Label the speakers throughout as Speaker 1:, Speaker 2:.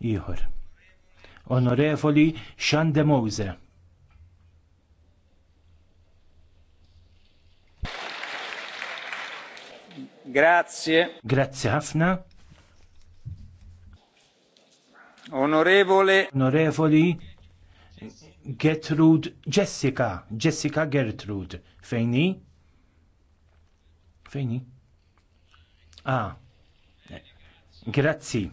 Speaker 1: ieħor. Onorevoli Mose. Grazie. Grazie ħafna. Onorevole. Onorevoli Gertrude Jessica, Jessica Gertrude. Fejni? Fejni? Ah. grazie.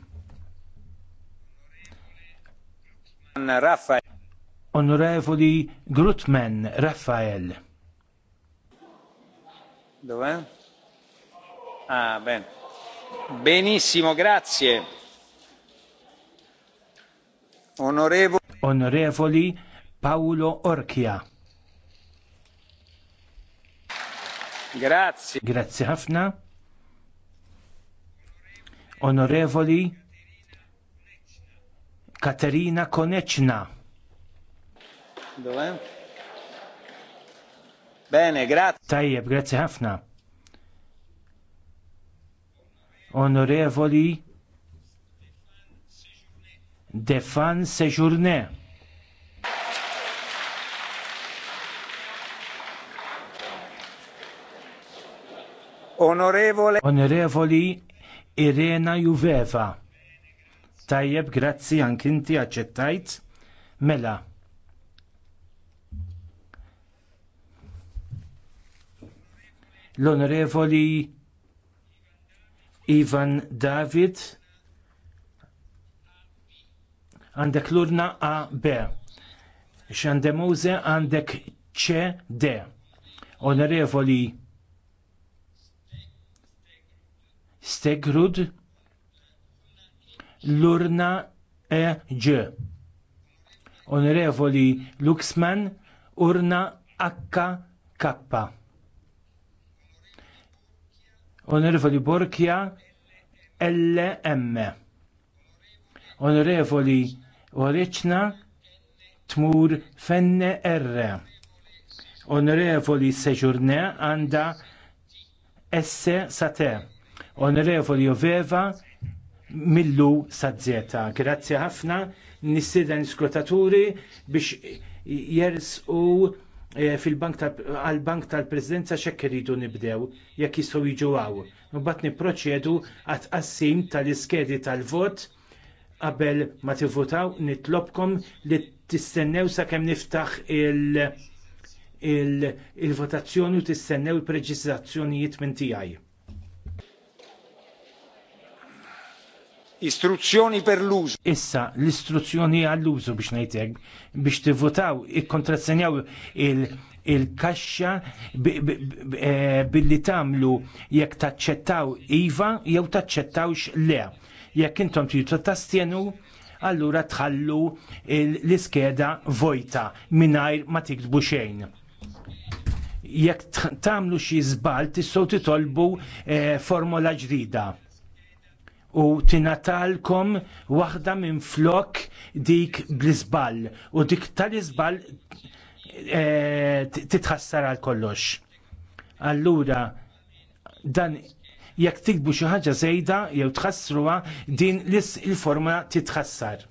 Speaker 1: Onorevoli Grutman Raffael. Dov'è? Ah, bene. Benissimo, grazie. Onorevoli, Onorevoli Paolo Orchia. Grazie. Grazie Hafna. Onorevoli Katerina Koneċna. Dove? Bene, grazie. Tajjeb, grazie ħafna. Onorevoli Defan Sejourne. Onorevole Onorevoli Irena Juveva. Tajjeb, grazzi anki inti aċċettajt. Mela. L-Onorevoli Ivan David għandek l-urna A B. Xandemuze għandek C D. Onorevoli Stegrud L'urna e. EG. Onorevoli Luxman, urna Kappa. Onorevoli Borkja, LM. Onorevoli Oreċna, tmur fenne R. Onorevoli Seġurne anda S Sate. te. Onorevoli Oveva millu sadzieta. Grazzi ħafna nissida l-skrotaturi biex jersqu eh, fil-bank bank tal-prezidenza xekk nibdew jekk jistgħu jiġu għaw. Mbagħad nipproċedu għat assim tal-iskedi tal-vot qabel ma tivvutaw nitlobkom li tistennew sakemm niftaħ il-votazzjoni u tistennew il-preġizzazzjonijiet minn tiegħi. Istruzzjoni per l-użu. Issa, l-istruzzjoni għall-użu biex ngħidlek biex tivvotaw, ikkontrazzenjaw il-kaxxa eh, billi tagħmlu jekk taċċettaw iva jew taċċettawx le. Jekk intom tridu tastjenu, allura tħallu l-iskeda vojta mingħajr ma tiktbu xejn jekk tagħmlu xi żball tistgħu titolbu eh, formola ġdida u tinatalkom waħda minn flok dik bl-izbal u dik tal-izbal eh, titħassar għal kollox. Allura, dan jekk tikbu xi ħaġa żejda jew tħassruha din l formula titħassar.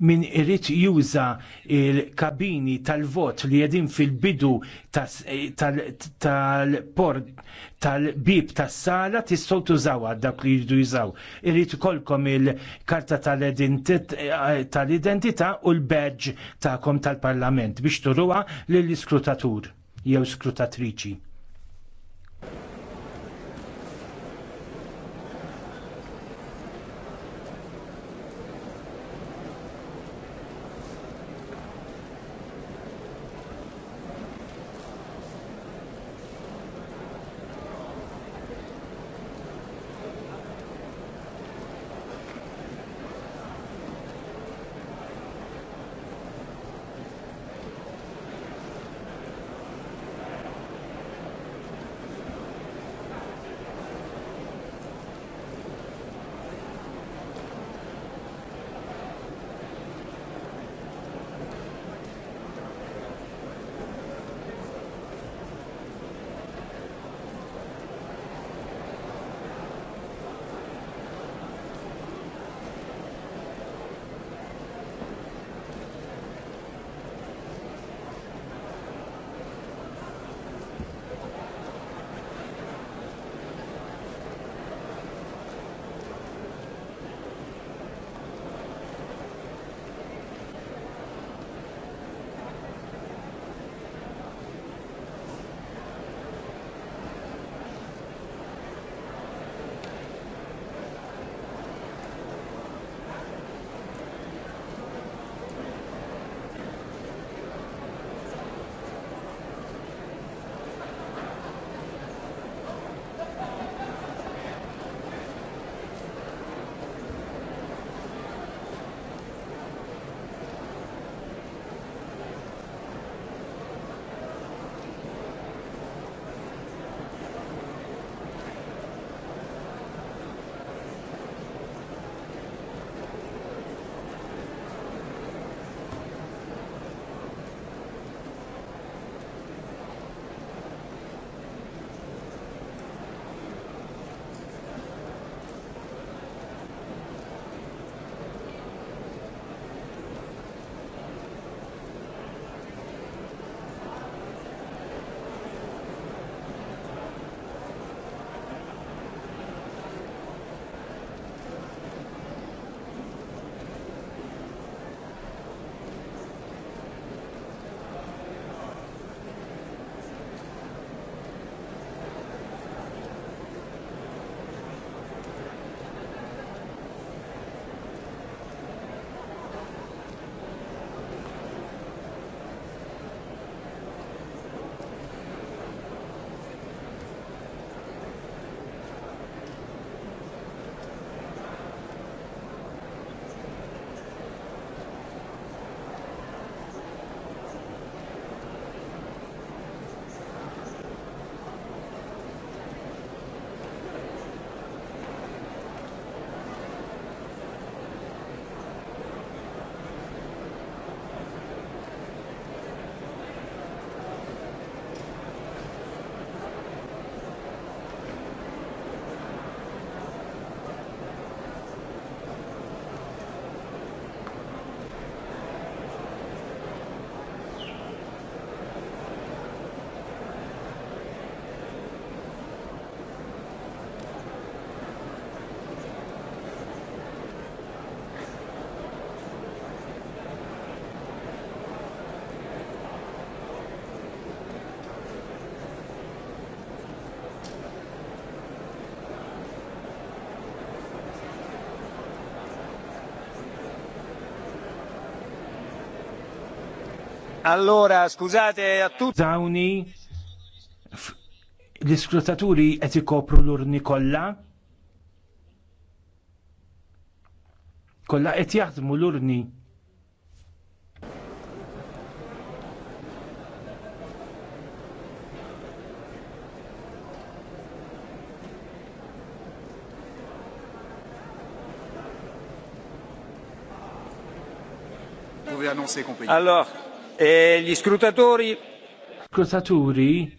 Speaker 1: min irrit juża il-kabini tal-vot li jedin fil-bidu tal-port tal-bib tas-sala tistgħu tużawha dak li jridu jużaw. Irrid ikolkom il-karta tal-identità u l-badge tagħkom tal-Parlament biex turuha lill-iskrutatur jew skrutatriċi. Allora, scusate a tutti. Dawni, l-iskrutaturi qed ikopru l colla. kollha. Kollha qed jaħdmu l Alors, E gli scrutatori scrutatori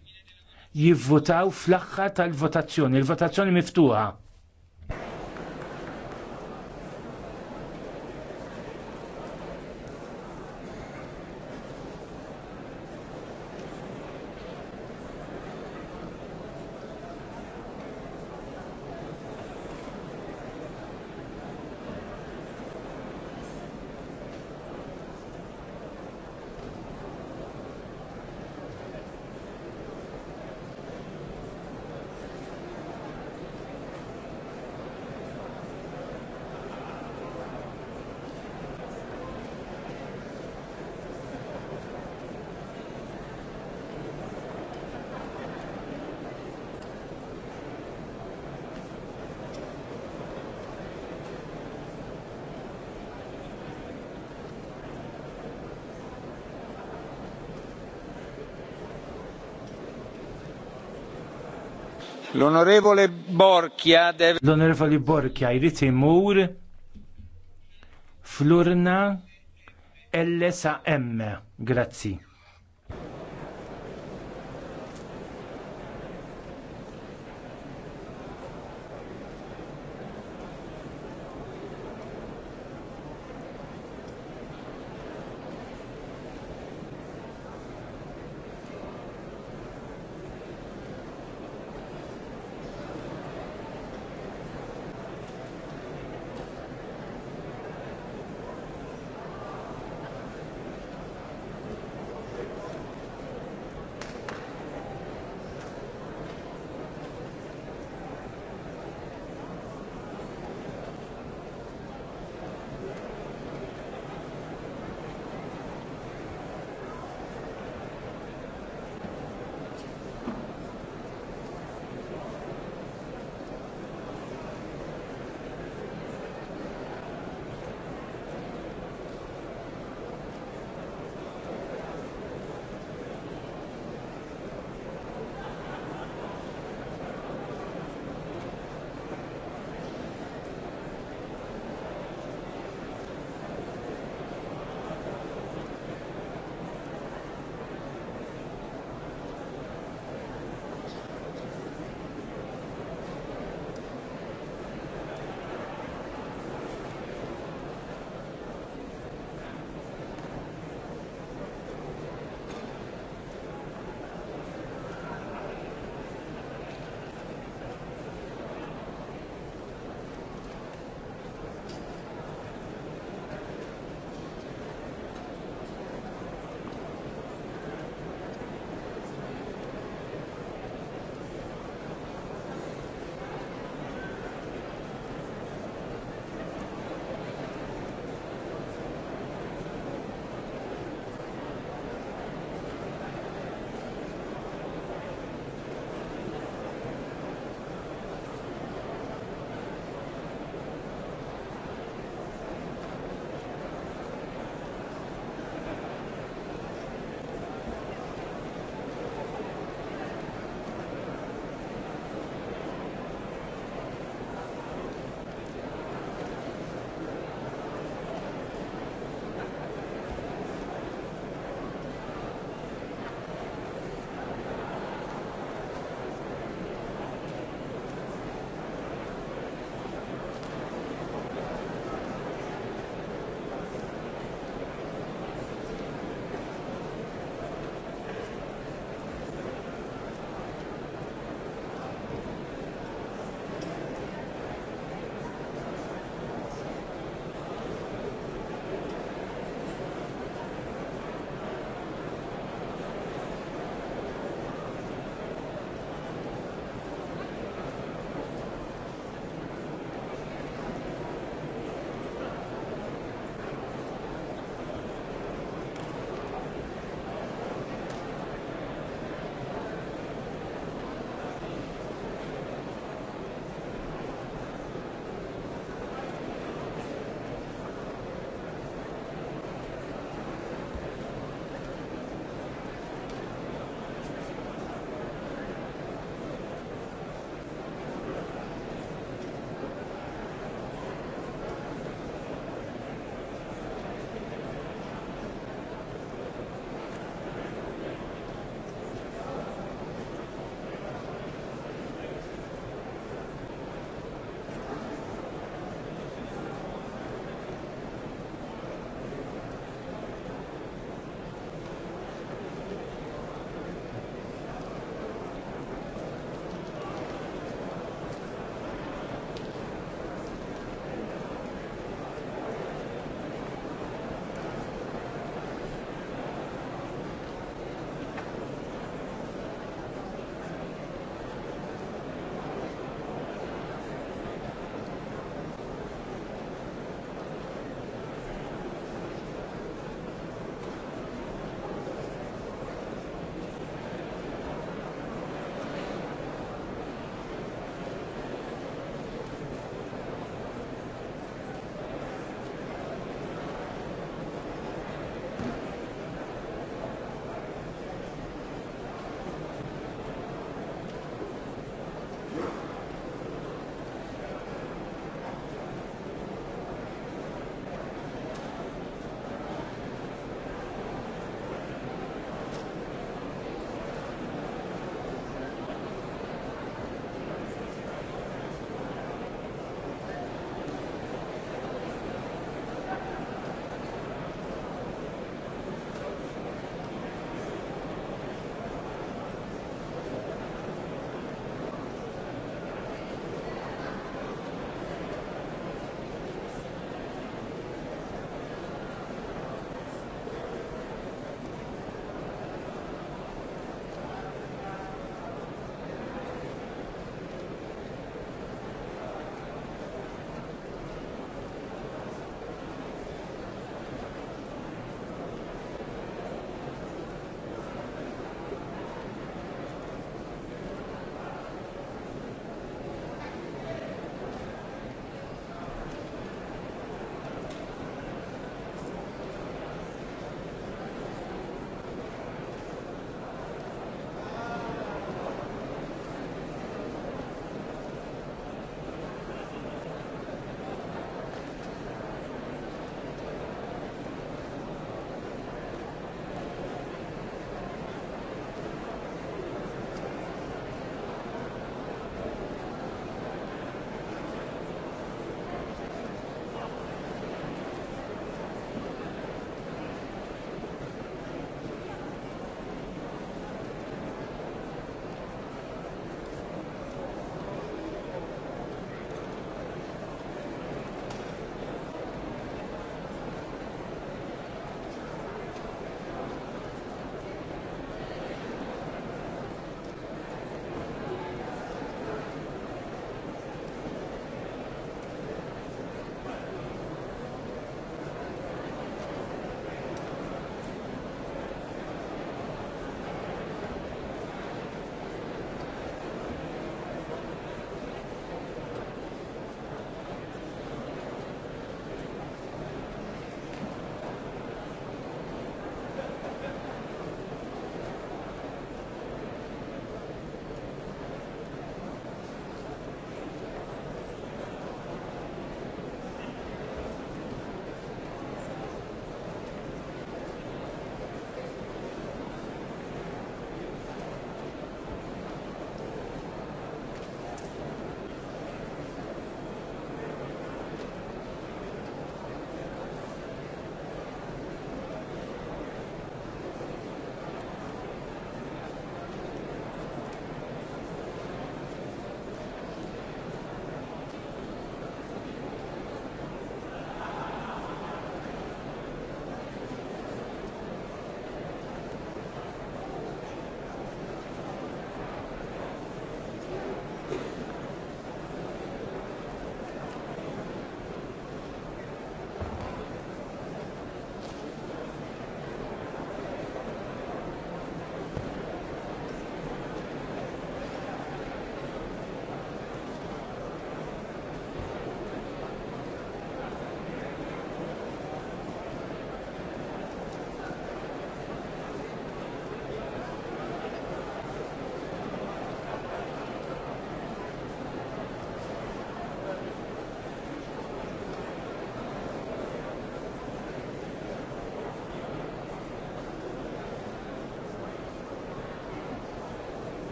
Speaker 1: jivvotaw fl-aħħar tal-votazzjoni, il-votazzjoni miftuħa. L-Onorevole Borkja deve... L-Onorevole Borkja jrid imur flurna l s Grazzi.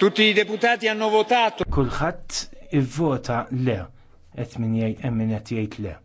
Speaker 1: Tutti i deputati hanno votato. Kulħadd ivvota le qed min jgħid hemm min qed jgħid le.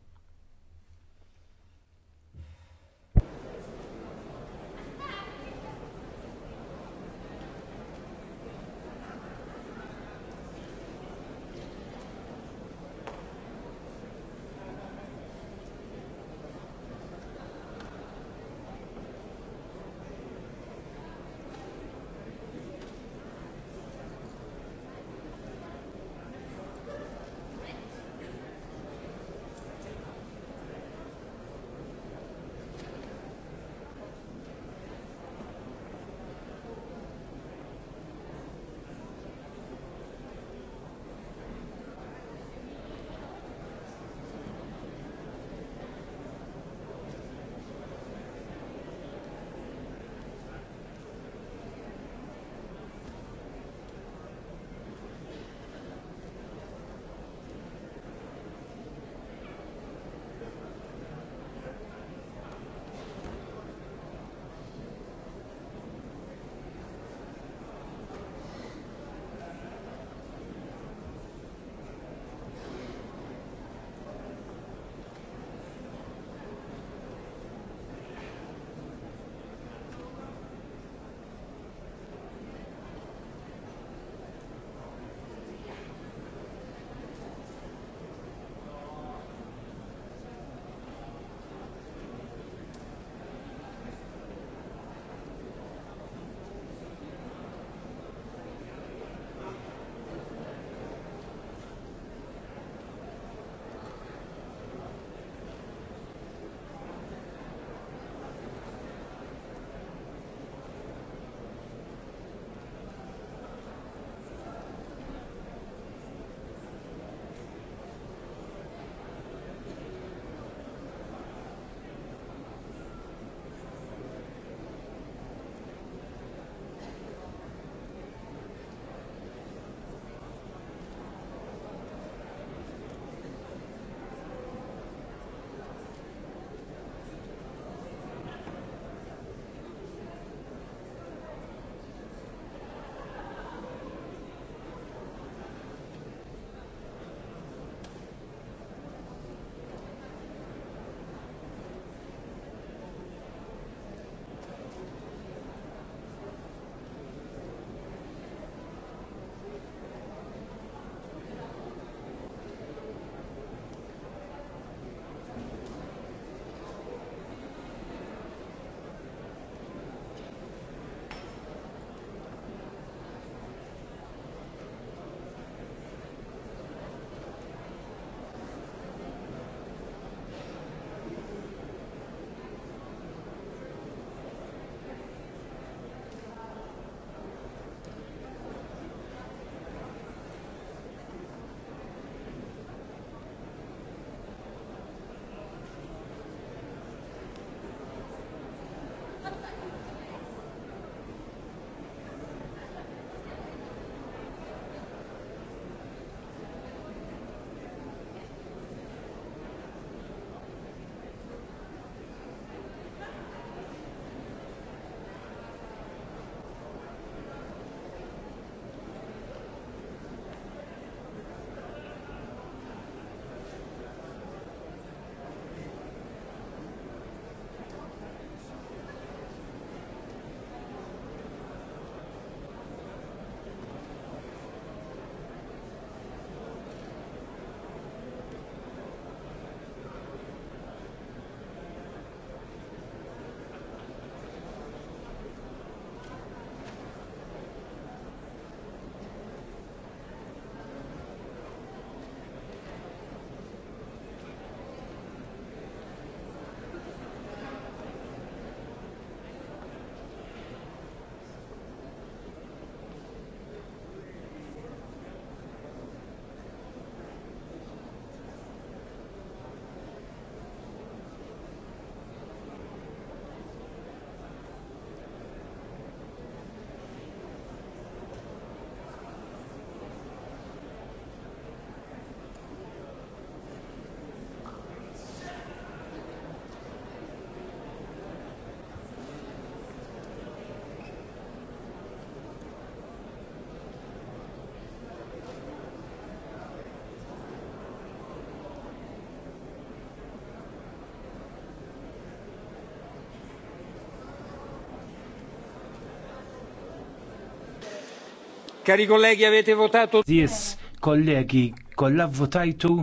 Speaker 1: Cari colleghi, avete votato? Yes, kollegi, kollha votajtu?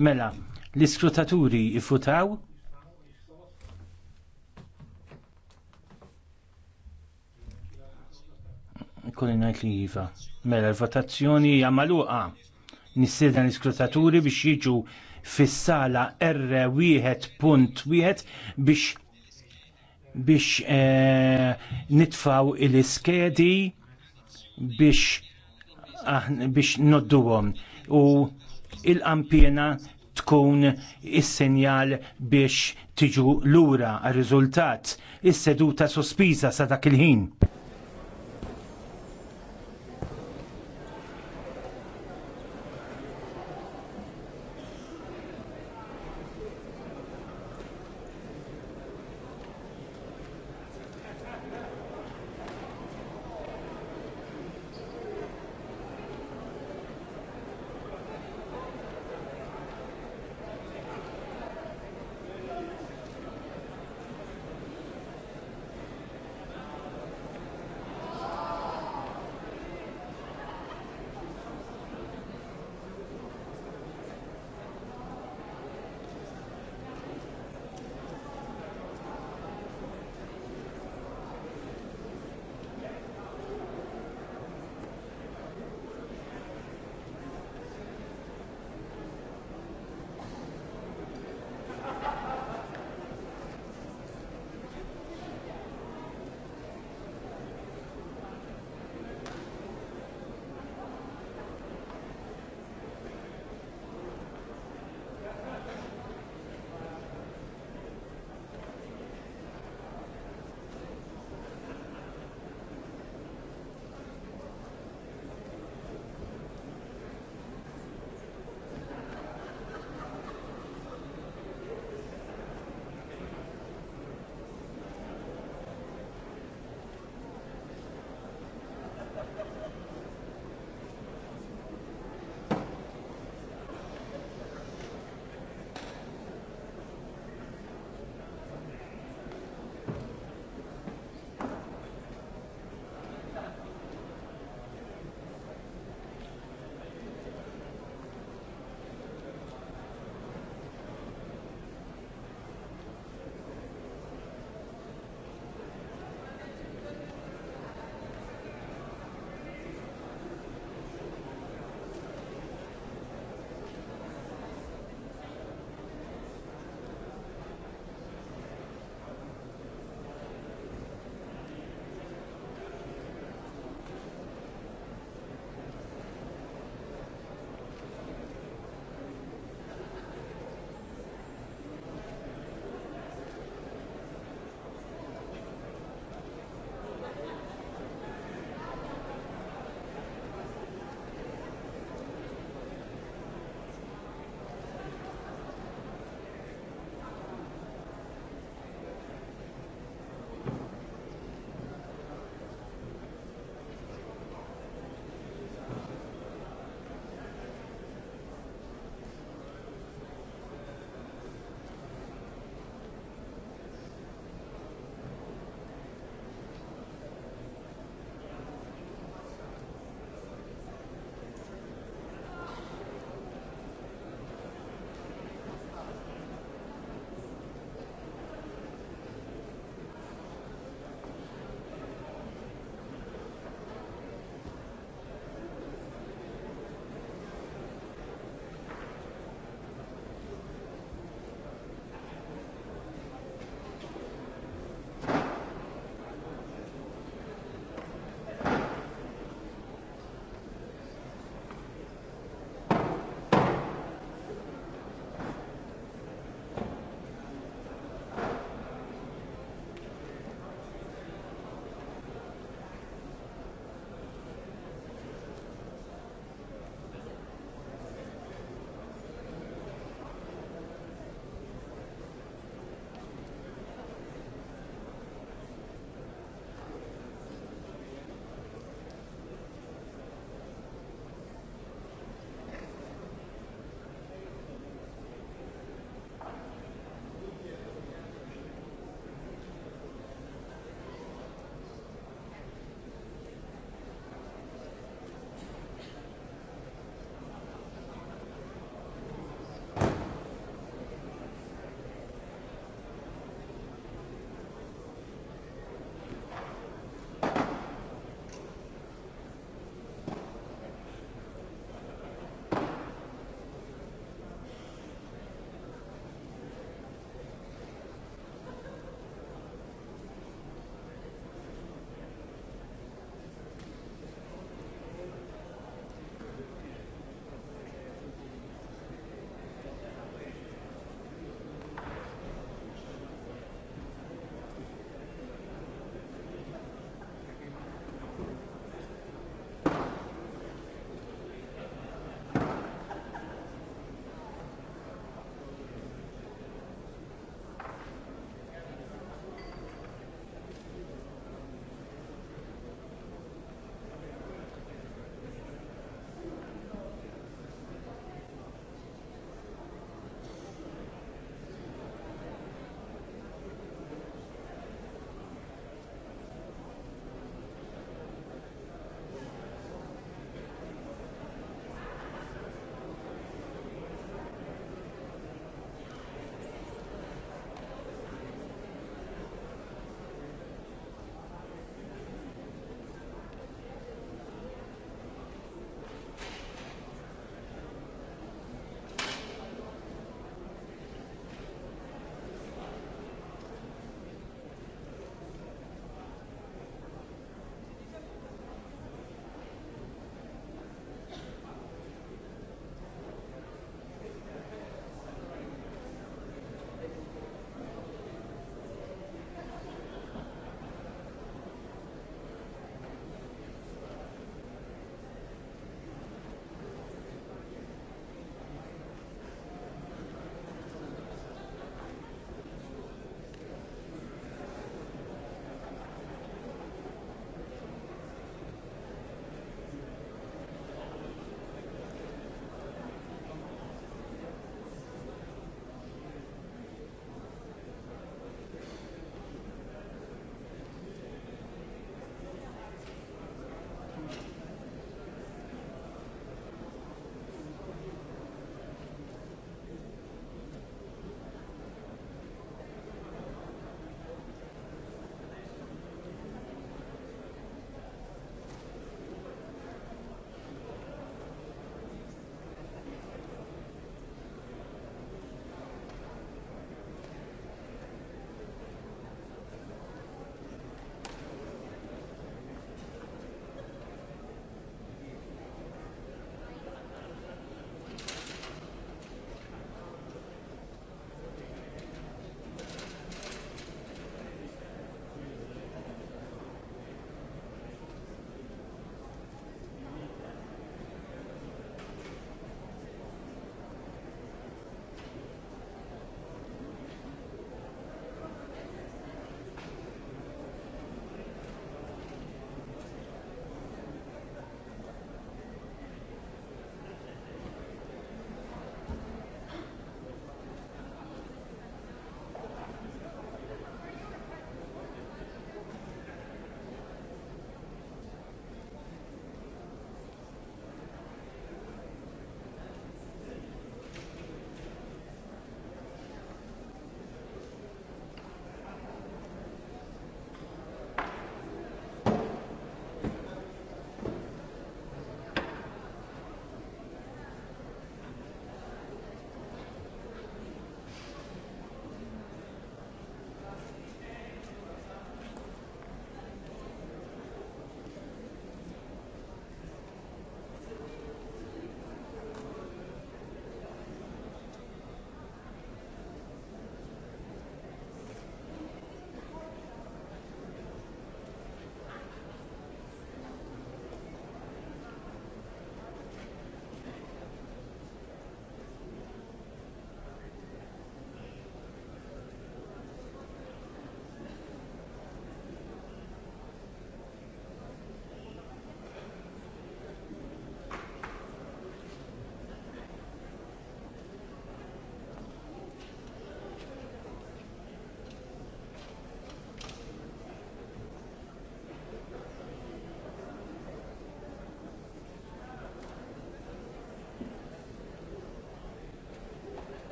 Speaker 1: Mela, l-iskrutaturi ifutaw? Kolli ngħid li jiva. Mela, l-votazzjoni hija magħluqa. Nissiedna l-iskrutaturi biex jiġu fis-sala R1.1 biex biex eh, nitfaw il-iskedi biex ah, biex nodduhom u il-ampjena tkun is-senjal biex tiġu lura għar-riżultat is-seduta sospiża sa dak il-ħin.